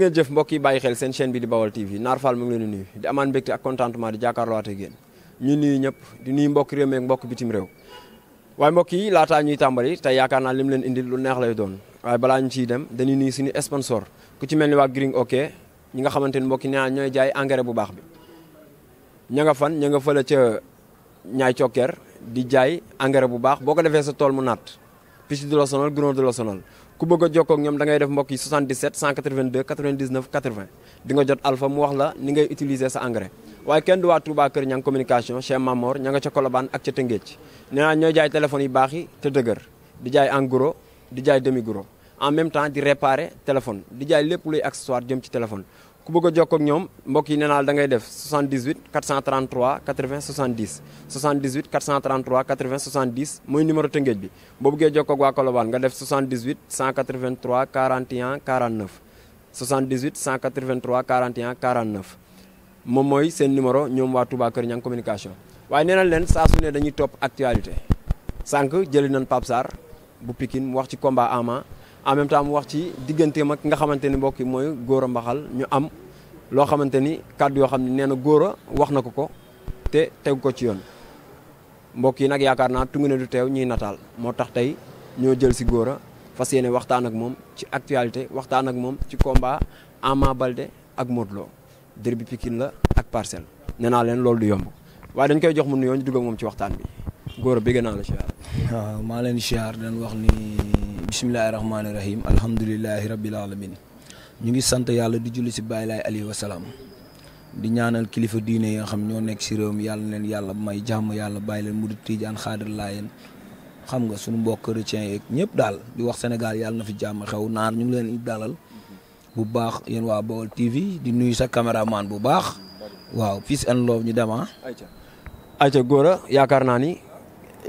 jërë jëf mbokk yi bàyyi xel seen chaîne bi di Baol TV Naar Fall ma ngi leen di nuyu di amaan mbégte ak contentement di jàkkaarloowaat ak yéen ñu nuyu ñëpp di nuyu mbokk réew mi ak mbokk bitim réew waaye mbokk yi laataa ñuy tàmbali tey yaakaar naa lim leen indi lu neex lay doon waaye balaa ñu ciy dem dañuy nuyu suñu sponsor ku ci mel ni waa Green OK ñi nga xamante ni mbokk yi nee jaay engrais bu baax bi ña nga fan ña nga fële ca ñaay cokkeer di jaay engrais bu baax boo ko defee sa tool mu naat picc du la sonal gunóor du la ku bëgg a jokkoo ak ñoom da ngay def mbokk yi 77 182 99 80 di nga jot alpha mu wax la ni ngay utiliser sa engrais waaye kenn du waa Touba Kër Niang communication chez Mamor ña nga ca Colobane ak ca Tëngéej nee naa ñooy jaay téléphones yu baax yi te dëgër di jaay en di jaay demi gros en même temps di réparer téléphone di jaay lépp luy accessoire jëm ci téléphone ku bëgg a jokkoo ak ñoom mbokk yi nee naa da ngay def 78 433 80 70 78 433 80 70 mooy numéro tëngéej bi boo bëggee jokkoo moom mooy seen numéro ñoom waa Touba Kër Niang communication. waaye nee na leen saa su ne dañuy topp actualité sànq jëli nañ Pape Sarr bu Pikine mu wax ci combat Ama. en même temps mu wax ci digganteem ak nga xamante ni mbokk yi mooy góora Mbaxal ñu am loo xamante ni kàddu yoo xam ne nee na Gora wax na ko ko te tegu ko ci yoon mbokk yi nag yaakaar naa tungu ne du teew ñuy nataal moo tax tey ñoo jël si góora fas yéene waxtaan ak moom ci actualité waxtaan ak moom ci combat Ama Baldé ak Modou Lo derby la ak parcelle nee naa leen loolu du yomb waaye dañ koy jox mu nuyoo yoon dugg ak moom ci waxtaan bi Gora bi naa la siyaar. waaw bisimilahi rahmaani rahim alhamdulilahi rabil alamin ñu ngi sant yàlla di julli si Baye Laye Aliou wasalaam di ñaanal kilifa diine yi nga xam ñoo nekk si réew mi yàlla leen yàlla may jàmm yàlla bàyyi leen mu di tiijaan xaadir laayeen xam nga suñu mbokk chrétien yeeg ñëpp daal di wax Sénégal yàlla na fi jàmm xew naar ñu ngi leen dalal bu baax yéen waa Baol TV di nuyu sa caméraman bu baax waaw peace and love ñu dem ah. ayca góor yaakaar naa ni.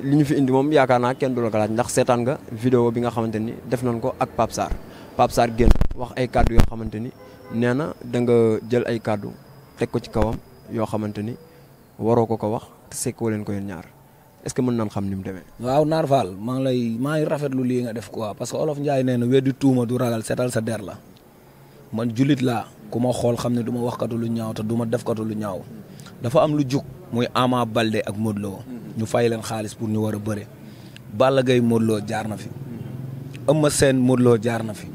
li ñu fi indi moom yaakaar naa kenn du la ko laaj ndax seetaan nga vidéo bi nga xamante ni def nañ ko ak Pape Sarr Pape Sarr génn wax ay kàddu yoo xamante ni nee na da nga jël ay kàddu teg ko ci kawam yoo xamante ni waroo ko ko wax te sekkoo leen ko yéen ñaar est-ce que mën nañ xam ni mu demee. waaw Naar Fall maa ngi lay maa ngi rafetlu lii nga def quoi parce que olof Ndiaye nee na weddi tuuma du ragal seetal sa der la man julit laa ku ma xool xam ne du ma waxkatu lu ñaaw te du ma defkatu lu ñaaw dafa am lu jug muy Ama Balde ak Modou Lo ñu fay leen xaalis pour ñu war a bëre Balla gay Modou jaar na fi Eumeu Sène Modou Lo jaar na fi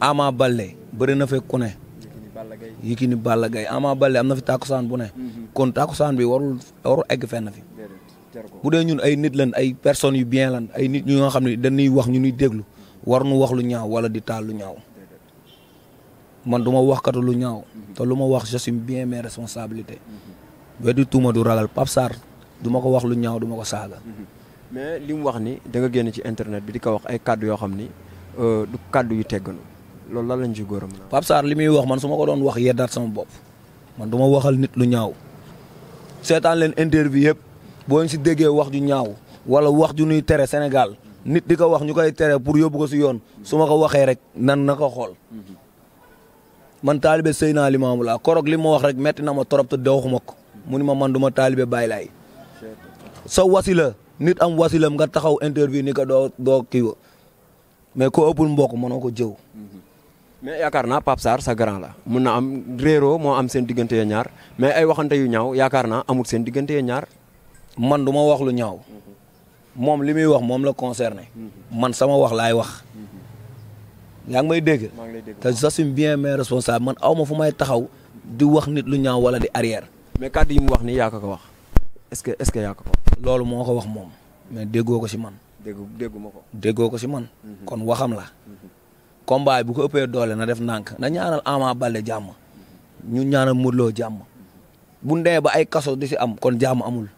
Ama balle bëri na fe ku ne Yékini Balla Gaye Ama Baldé am na fi tàkkusaan bu ne mhm. kon tàkkusaan bi warul warul egg fenn fi bu dee ñun ay nit lan ay personnes yu bien lan ay nit ñu nga xam ne dañuy wax ñu nuy déglu war nu wax lu ñaaw wala di taal lu ñaaw man duma ma wax katu lu ñaaw mhm. te lu ma wax j'assume bien mes responsabilités. Mhm. weddi tuuma du ragal Pape duma ko wax lu ñaaw duma ma ko saaga. Mhm. mais li mu wax ni da nga génn ci internet bi di ko wax ay kàddu yoo xam ni euh, du kàddu yu tegganu loolu lan lañ ci góoram. Pape Sarr li muy wax man su ma doon wax yeddaat sama bopp man du ma waxal nit lu ñaaw seetaan leen interview yëpp boo ñu si déggee wax ju ñaaw wala wax ju nuy tere Sénégal nit di ko wax ñu koy tere pour yóbbu ko si yoon su ma ko waxee rek nan na ko xool. Mhm. man taalibe Seydina Limaamu laa koroog li ma wax rek metti na ma trop te dewxuma ko mu ni ma man du ma taalibe Baay Laay sa wasila nit am wasilam nga taxaw interview ni ko doo doo kii mais ko ëppul mbokk mënoo ko jëw. mais yaakaar naa Pape Sarr sa grand la mun na am réeroo moo am seen diggante ya ñaar mais ay waxante yu ñaaw yaakaar naa amul seen diggante ya ñaar. man du ma wax lu ñaaw. moom li muy wax moom la concerné. man sama wax laay wax. yaa ngi may dégg. te j'assume bien mes responsables man aw ma fu may taxaw di wax nit lu ñaaw wala di arrière. mais kàddu yi mu wax nii yaa ko ko wax. est que est-ce que ko loolu moo ko wax moom. mais déggoo ko si man. dégg dégguma ko. déggoo ko si man. Mhm. kon waxam la. Mhm. combat bu ko ëppee doole na def nànk na ñaanal Ama bale jàmm. ñu ñaanal Modou loo jàmm. bu ndee ba ay kaso di si am kon jàmm amul.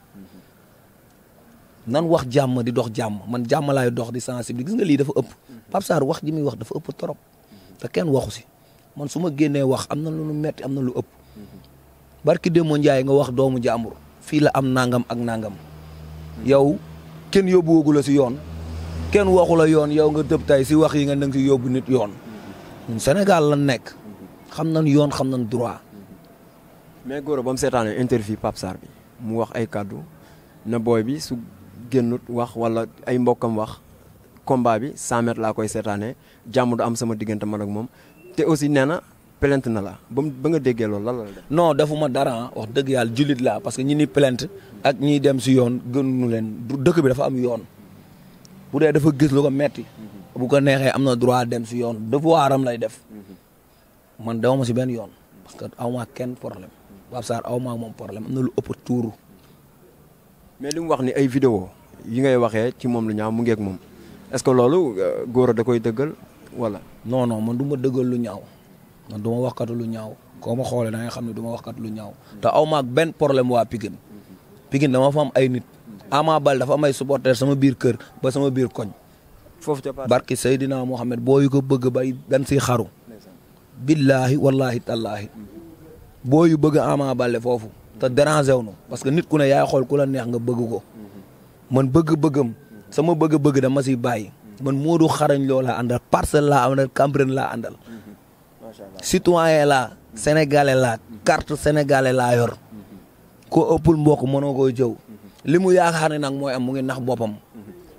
nan wax jàmm di dox jàmm man jàmm laay dox di sensible gis nga lii dafa ëpp. Mhm. Pape Sarr wax ji muy wax dafa ëpp trop. te kenn waxu si man su ma génnee wax am na lu metti am na lu ëpp. barki démb Ndiaye nga wax doomu jàmbur. fii la am nangam ak nangam yow kenn yóbbuwoogu la si yoon kenn waxu la yoon yow nga tëb tey si wax yi nga nang si yóbbu nit yoon ñun Sénégal la nekk xam nañ yoon xam nañ droit. mais Gora ba mu seetaanee interview Pape Sarr bi mu wax ay kàddu na booy bi su génnut wax wala ay mbokkam wax combat bi 100 laa koy seetaanee jàmm du am sama diggante man ak moom te aussi nee na plainte na la ba ba nga déggee lan la def. defuma dara wax dëgg yàlla jullit la parce que ñi ni plainte ak ñiy dem si yoon gënuñu leen dëkk bi dafa am yoon bu dee dafa gis lu ko metti bu ko neexee am na droit dem si yoon devoiram lay def man dawuma si benn yoon parce que aw ma kenn problème Pape Sarr aw ma moom problème am na lu ëpp tuuru. mais li mu wax ni ay vidéo yi ngay waxee ci moom lu ñaaw mu ngeeg moom est-ce que loolu euh, góor da koy dëggal wala. non non man du ma dëggal lu ñaaw. man du ma waxkatu lu ñaaw koo ma xoolee da nga xam ne du ma lu ñaaw mm-hmm. te aw maag benn problème waa Pikine mm-hmm. Pikine dama fa ay nit mm-hmm. Ama Baldé dafa am ay supporter sama biir kër ba sama biir koñ foofu ca barki Seydina Mohamed booyu yu ko bëgg bay dan si xaru billaahi wallaahi tallaahi boo yu bëgg Ama Baldé foofu te dérangé wu parce que nit ku ne yaay xool ku la neex nga bëgg ko man bëgg-bëggam sama bëgg-bëgg dama si bàyyi man Modou xarañ loo laa àndal parcelle laa àndal Cambérène citoyen laa sénégalais laa carte sénégalais laa yor ko ëppul mbokk mënoo ko jëw li mu yaakaar ne nag mooy am mu ngi nax boppam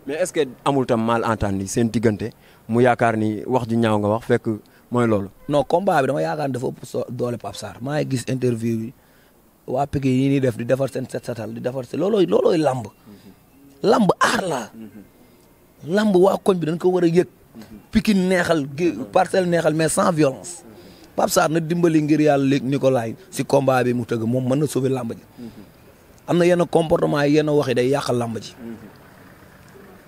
mais est-ce que amul tam malentendu seen diggante mu yaakaar ni wax ji ñaaw nga wax fekk mooy loolu non combat bi dama yaakaar ni dafa ëpp so doole Pape Sarr maa ngi gis interview yi waa Pique yi ñuy def di defar seen set setal di defar seen loolooy loolooy lamb lamb aar la lamb waa koñ bi dañ ko war a yëg Pikine neexal parcelle neexal mais sans violence Pape Sarr na dimbali ngir yàlla léegi Nicolas si combat bi mu tëgg moom mën na sauver làmb am na yenn comportement yi yenn wax day yàqa làmb ji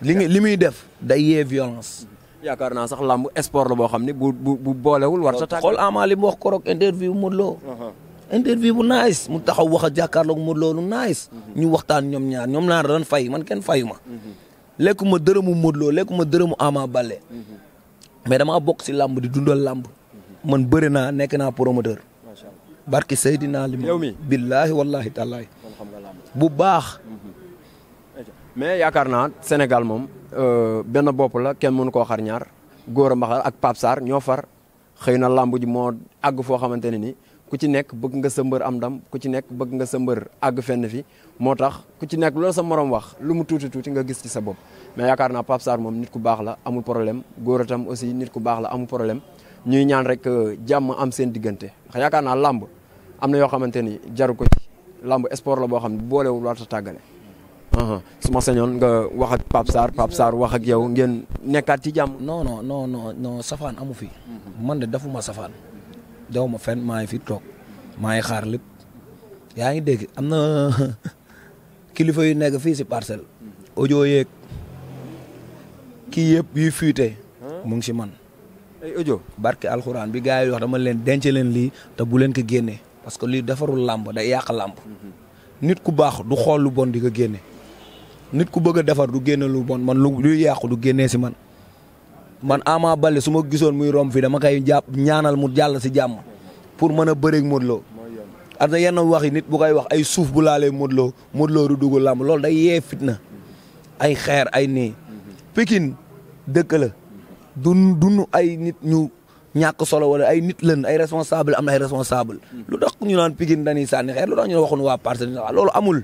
li nga li muy def day yee violence yaakaar naa sax làmb sport la boo xam ne bu bu bu boolewul war sa tàgg xool Ama li mu wax koroog interview Modou Lo uh-huh. interview bu nice mu taxaw wax a jàkkaarloog Modou Lo lu nice uh-huh. ñu waxtaan ñoom ñaar ñoom ñaar dañ fay man kenn fayu ma uh-huh. lekkuma dërëmu Modou Lo lekkuma dërëmu Ama Baldé mais damaa bokk si làmb di dundal làmb man bëri naa nekk naa promoteur barki Seydina li yow mi billaahi wallaahi taalaahi bu baax mais yaakaar naa Sénégal moom euh, benn bopp la kenn mënu koo xar ñaar Gora Mbaxal ak Pape ñoo far xëy na làmb ji moo àgg foo xamante ne ni ku ci nekk bëgg nga sa mbër am dam ku ci nekk bëgg nga sa mbër àgg fenn fi moo tax ku ci nekk loolu sa morom wax lu mu tuuti tuuti nga gis ci sa bopp mais yaakaar na Pape Sarr moom nit ku baax la amul problème góor tam aussi nit ku baax la amul problème ñuy ñaan rek euh, jàmm am seen diggante ndax yaakaar naa làmb am na yoo xamante ni jaru ko ci lamb sport la boo xam ne boolewul warta tàggale su ma sañoon nga wax ak Pape Sarr Pape wax ak yow ngeen nekkaat ci jàmm non non safaan amu fi mhm. man de dafuma safaan daw ma fen maa ngi fi toog maa ngi xaar lépp yaa ngi dégg am na kilifa yu nekk fii si parcelle. audio yeeg kii yëpp yuy fuite mu ngi si man. ay audio barke alxuraan bi gars yi wax leen dence leen lii te bu leen ko génnee parce que lii defarul làmb day yàq làmb. nit ku baax du xool lu bon di ko génne. nit ku bëgg a defar du génne lu bon man lu luy yàqu du génne si man. man Ama bale suma gisoon muy rom fii dama koy jàpp ñaanal mu jàll si jàmm pour mën a bëreeg Modou loo am na yenn wax yi nit bu koy wax ay suuf bu laalee Modou Lo Modou Lo du dugg làmb loolu day yee fitna ay xeer ay nii pikin dëkk la du dunu ay nit ñu ñàkk solo wala ay nit lan ay responsable am na ay responsable lu tax ñu naan Pikine dañuy sànni xeer lu tax ñu ne waxuñu waa Parcelles loolu amul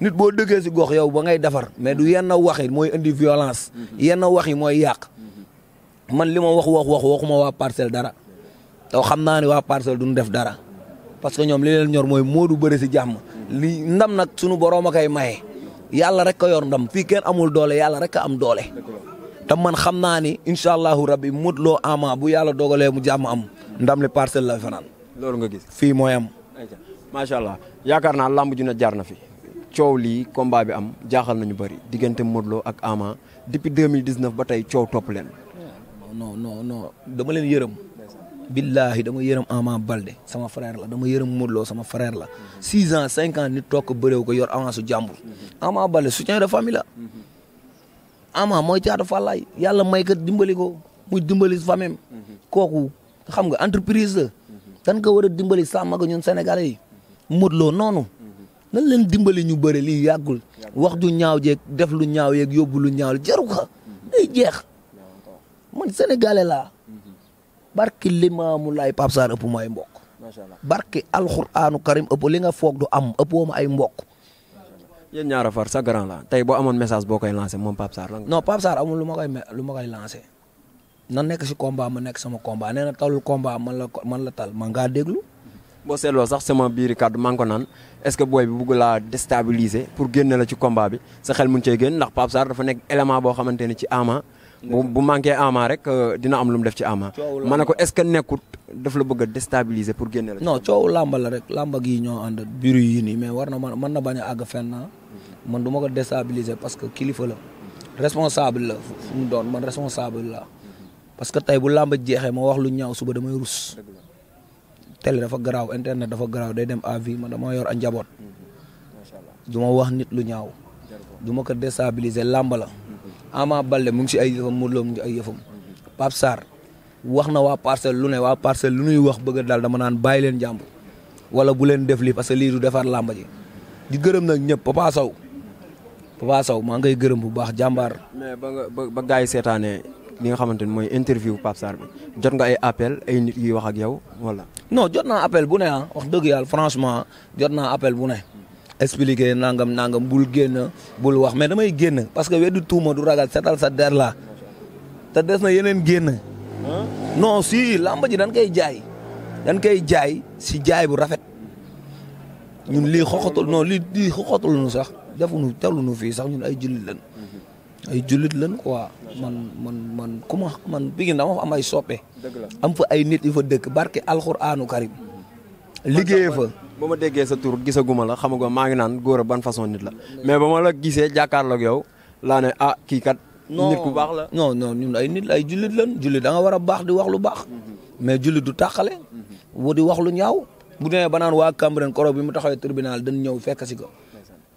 nit boo dëkkee si gox yow ba ngay defar mais du yenn wax yi mooy indi mhm. yenn wax yi mooy yàq man li ma wax wax wax waxuma waa parcelle dara te xam naa ne waa parcelle duñ def dara parce que ñoom li leen ñor mooy Modou bëre si jàmm lii ndam nag sunu borom a kay maye yàlla rek ko yor ndam fii kenn amul doole yàlla rek a am doole. te man xam naa ni incha allahu rabbi Modou Lo Ama bu yàlla dogalee mu jàmm am ndam li parcelle la fanaan. loolu nga gis fii mooy am. macha allah yaakaar naa lamb ju na jaar na fi. coow lii combat bi am jaaxal nañu bëri diggante Modou Lo ak Ama depuis 2019 ba tey coow topp leen. non no non dama leen yërëm. billahi dama yërëm Ama Balde sama frère la dama yërëm Modou sama frère la. 6 ans 5 ans nit toog ko ko yor su jàmbur. Ama Balde soutien de famille mooy yàlla may dimbali ko muy dimbali famem kooku xam nga entreprise la. ko war a dimbali sàmm ñun Sénégalais yi. Modou leen dimbali ñu bëri li yàggul. wax ju ñaaw jeeg def lu ñaaw yeeg yóbbu lu ñaaw jaru ko jeex. man sénégalais laa. Mhm. barki limaamu laay Pape Sarr ëpp ma ay mbokk. macha allah barki alxuraanu karim ëpp li nga foog du am ëppoo ma ay mbokk. yéen ñaara far sa grand la tey boo amoon message boo koy lancé moom Pape Sarr la. non Pape Sarr amul lu ma koy lu ma koy lancé. na nekk si combat ma nekk sama combat nee na talul combat man la man la tal man ngaa déglu. Mhm. boo seetloo sax sama biir kàddu maa ngi ko naan est-ce que booy bi bugg laa déstabiliser pour génne la ci combat bi sa xel mun cee génn ndax Pape Sarr dafa nekk élément boo xamante ni ci Ama. bu bu manqué ama rek euh, dina am lu def ci ama ma ne ko est ce que nekkut daf la bëgg a pour génne la. non coow làmba la rek làmba gi ñoo ànd biru yi nii mais war na man mën na bañ àgg fenn ah. man duma ko déstabiliser parce que kilifa la responsable la fu mu doon man responsable la parce que tey bu làmba jeexee ma wax lu ñaaw suba damay rus. télé dafa garaaw internet dafa garaaw day dem à vie man dama yor a njaboot. Mhm. du ma wax nit lu ñaaw. du ma ko déstabiliser làmba la. Ama Balde mu ngi si ay yëfam Modou mu ngi si ay yëfam Pape Sarr wax na waa parcelle lu ne waa parcelle lu nuy wax bëgg a daal dama naan bàyyi leen jàmb wala bu leen def lii parce que lii du defar làmb ji di gërëm nag ñëpp Papa Sow Papa maa ngi koy gërëm bu baax jàmbaar. mais ba nga ba gars yi seetaanee li nga xamante ni mooy interview Pape Sarr bi jot nga ay appel ay nit yuy wax ak yow wala. non jot naa appel bu ne ah wax dëgg yàlla franchement jot naa appel bu ne. expliquer nangam nangam bul génn bul wax mais damay génn parce que weddi tuuma du ragal setal sa der la te des na yeneen génn. non si làmb ji dañ koy jaay. dañ koy jaay si jaay bu rafet ñun lii xoxatul non lii lii nu sax defuñu telluñu fii sax ñun ay jullit lan mhm. ay jullit lan quoi man man man ku man Pikine dama fa am ay soppe am fa ay nit yu fa dëkk barke alxuraanu karim liggéeye fa ba ma déggee sa tur gisaguma la xamagoo maa ngi naan góor ban façon nit la mais ba ma la gisee jàkkaarloog yow laa ne ah kii kat. nit ku baax la non non ñun ay nit ay jullit lan jullit danga nga war a baax di wax lu baax. mais jullit du tàqale. bu di wax lu ñaaw. bu demee ba naan waa Cambérène koro bi mu taxawee tirbinal dan ñëw fekk si ko.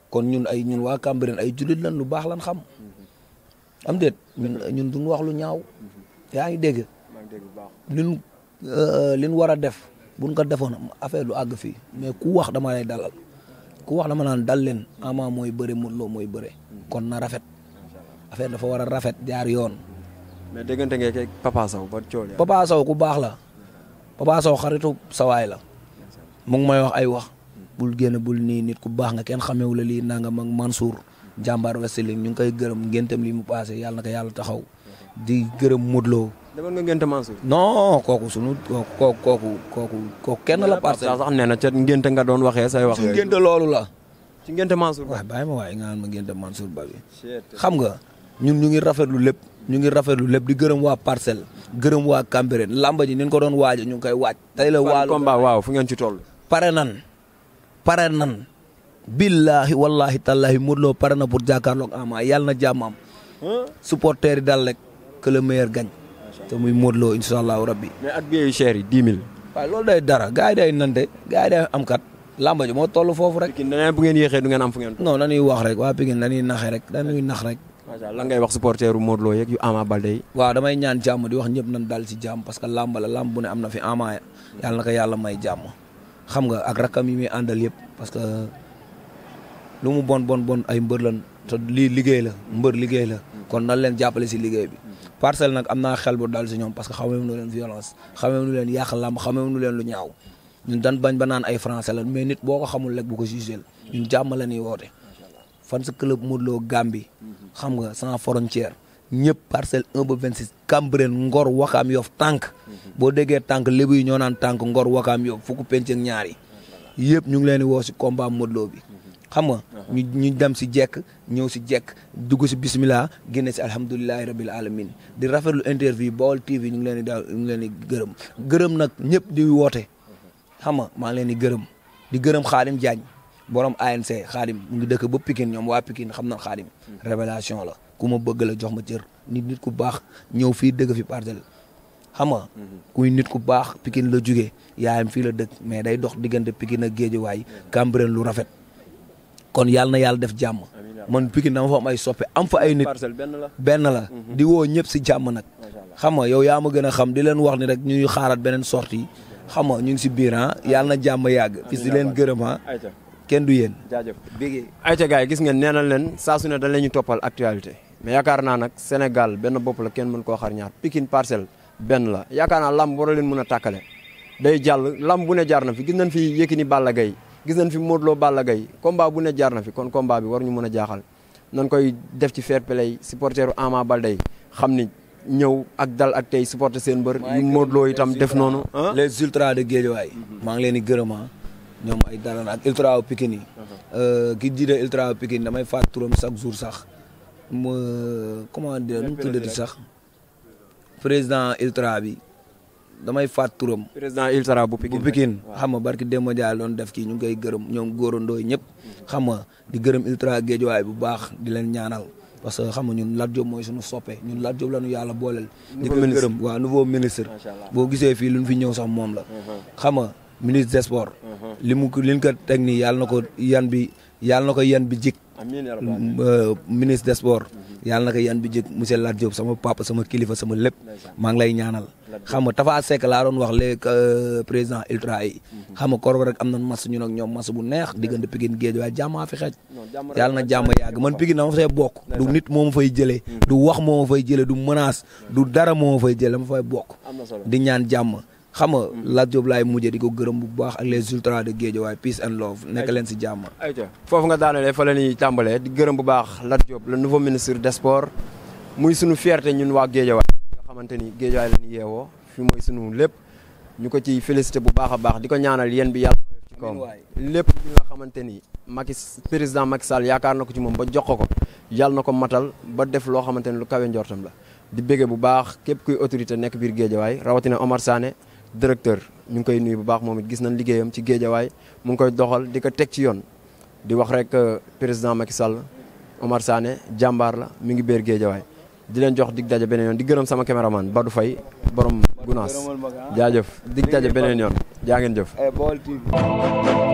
kon ñun ay ñun waa Cambérène ay jullit lan lu baax lan xam. am déet ñun ñun wax lu ñaaw. yaa ngi dégg. li ñu euh, war a def. buñ ko defoon affaire du àgg fii mais ku wax dama lay dalal ku wax dama naan dal leen Ama mooy bëre Modou Lo mooy bëre kon na rafet affaire dafa war a rafet jaar yoon. mais déggante ngeen ak Papa Sow ba coow ku baax la Papa Sow xaritu sawaay la mu ngi may wax ay wax. bul génn bul nii nit ku baax nga kenn xamewu la lii nangam ak Mansour jàmbaar Wrestling ñu ngi koy gërëm ngéntam li mu passé yàlla na ko yàlla taxaw di gërëm Modou loo demoon nga ngénte Mansour. non kooku sunu kooku kooku kooku kooku kenn la. parcelle sax nee na ca ngénte nga doon waxee say wax. ci loolu la. ci ngénte Mansour. waaw bàyyi ma waaye nga ma ngénte Mansour Ba bi. xam nga ñun ñu ngi rafetlu lépp. ñu ngi rafetlu lépp di gërëm waa parcelle. gërëm waa Cambérène lamba ji ni ko doon waaj ñu ngi koy waaj. tey la waa waaw fu ngeen ci toll. pare nan pare nan. billahi wallahi tallahi Modou Lo pare na pour jàkkaarloog Ama yàlla na jàmm am. supporter dal rek que le meilleur gagne te muy Modou Lo incha allahu rabbi. mais ak billets yu cher yi day dara gars day nante gars day am kat. lamba ji moo toll foofu rek. Pikine da ngeen bu ngeen yéexee du ngeen am fu ngeen. non dañuy wax rek waa Pikine dañuy naxe rek dañuy nax rek. macha allah lan ngay wax supporteru Modou Lo yeeg yu Ama Baldé yi. waaw damay ñaan jàmm di wax ñëpp nañ dal ci jàmm parce que lamba la lamb bu ne am na fi Ama yàlla na ko yàlla may jàmm xam nga ak rakam yi muy àndal yëpp parce que mu bon bon bon ay mbër lan te lii liggéey la mbër liggéey la kon parcelle nag am naa xel bu dal si ñoom parce que xamee nu leen violence xamee nu leen yàq làmb xamee nu leen lu ñaaw ñun dan bañ ba naan ay français la mais nit boo ko xamul rek bu ko jugeel ñun jàmm la ñuy woote. fan sa club Modou Lo xam nga sans frontière ñëpp parcelle 1 ba 26 Cambérène Ngor Wakaam Yoff tànk boo déggee tànk lébu yi ñoo naan tànk Ngor Wakaam Yoff fukk penc ak ñaar yi yëpp ñu ngi leen di woo si combat Modou bi xam nga. Uh-huh. ñu ñu dem si jekk ñëw si jekk dugg si bismillah génne si alhamdulilahi rabil alamin di rafetlu interview Baol TV ñu ngi leen di daal ñu ngi leen di gërëm gërëm nag ñëpp di woote xam nga maa ngi leen di gërëm di gërëm Xaadim Diagne borom ANC Xaadim mu ngi dëkk ba Pikine ñoom waa Pikine xam na Xaadim hmm. révélation la ku ma bëgg la jox ma jër nit nit ku baax ñëw fii dëgg fi parcelle xam nga hmm. kuy nit ku baax Pikine la jugee yaayam fii la dëkk mais day dox diggante Pikine ak Géejawaay Cambérène lu rafet kon yàlla na yàlla def jàmm man Pikine dama fa am ay soppe am fa ay nit benn la mhm. di woo ñëpp si jàmm nag xam nga yow yaa ma gën a xam di leen wax ni rek ñuy xaaraat beneen sortie yi xam nga ñu ngi si biir ah yàlla na jàmm yàgg fis di leen gërëm ah. kenn du yéen jaajëf bégee ayca gars yi gis ngeen nee na leen saa su ne dañ leen ñu toppal actualité mais yaakaar naa nag Sénégal benn bopp la kenn mën koo xar ñaar Pikine Parcelles benn la yaakaar naa lamb war a leen mën a tàkkale day jàll lamb bu ne jaar na gis nañ fi Yékini Balla Gaye gis nañ fi Modou Lo Balla Gaye combat bu ne jaar na fi kon combat bi war ñu mën a jaaxal nan koy def ci fair play supporteru Ama Baldé xam ni ñëw ak dal ak tey supporter seen mbër yu Modou itam def noonu ah? les ultras de Guédiawaye maa ngi leen di gërëm ah. ñoom ay dalan ak ultra Pikine yi uh-huh. euh, ki jiite ultra Pikine damay fàtt turam chaque jour sax mu euh, comment dire nu mu tuddati sax président ultra bi damay faat turam. président il sera bu Pikine bu Pikine xam nga barki Demba Ndiaye doon def kii ñu ngi koy gërëm ñoom góorandoo ñëpp. xam nga di gërëm ultra géejuwaay bu baax di leen ñaanal parce que xam nga ñun Lat Diop mooy suñu soppe ñun Lat Diop la ñu yàlla booleel. di ko gërëm waaw ministre. boo gisee fii lu ñu fi ñëw sax moom la. Uh-huh. xam nga ministre des sports. Uh-huh. li mu li ñu na ko yan bi yàlla na ko yan bi jik Euh, ministre des sports yàlla na ko yan bi jëkk monsieur Lat Diop sama papa sama kilifa sama lépp maa ngi lay ñaanal xam nga Tafa Seck laa doon wax léeg euh, président ultra yi mhm. xam nga kor rek am na mas ñun ak ñoom mas bu neex diggante Pikine géej waaye jàmmaa fi xeej yàlla na jàmm yàgg man Pikine dama fay bokk du nit moo ma fay jëlee mhm. du wax moo ma fay jëlee du menace du dara moo ma fay jëlee dama fay bokk di ñaan jàmm xam nga Lat mujje di ko gërëm bu baax ak les ultras de Guédiawaye peace and love nekk leen si jàmma ayca foofu nga daanelee fa la ñuy tàmbalee di gërëm bu baax Lat Diop le nouveau ministre des sports muy sunu fierté ñun waa Guédiawaye nga xamante ni Guédiawaye la ñu yeewoo fi mooy sunu lépp ñu ko ciy félicité bu baax a baax di ko ñaanal yéen bi yàlla ci kawam lépp li nga xamante ni Macky président Macky Sall yaakaar na ko ci moom ba jox ko ko yàlla na ko matal ba def loo xamante ni lu kawe njortam la di bëgge bu baax képp kuy autorité nekk biir Guédiawaye rawatina Omar Sané directeur ñu ngi koy nuyu bu baax moom it gis nañ liggéeyam ci géejawaay mu ngi koy doxal di ko teg ci yoon di wax rek euh, président Macky Sall Omar Sané jàmbaar la mi ngi béer géejawaay di leen jox dig daje beneen yoon di gërëm sama ba du fay Faye borom Gunaas jaajëf dig daje beneen yoon jaa ngeen jëf. Eh,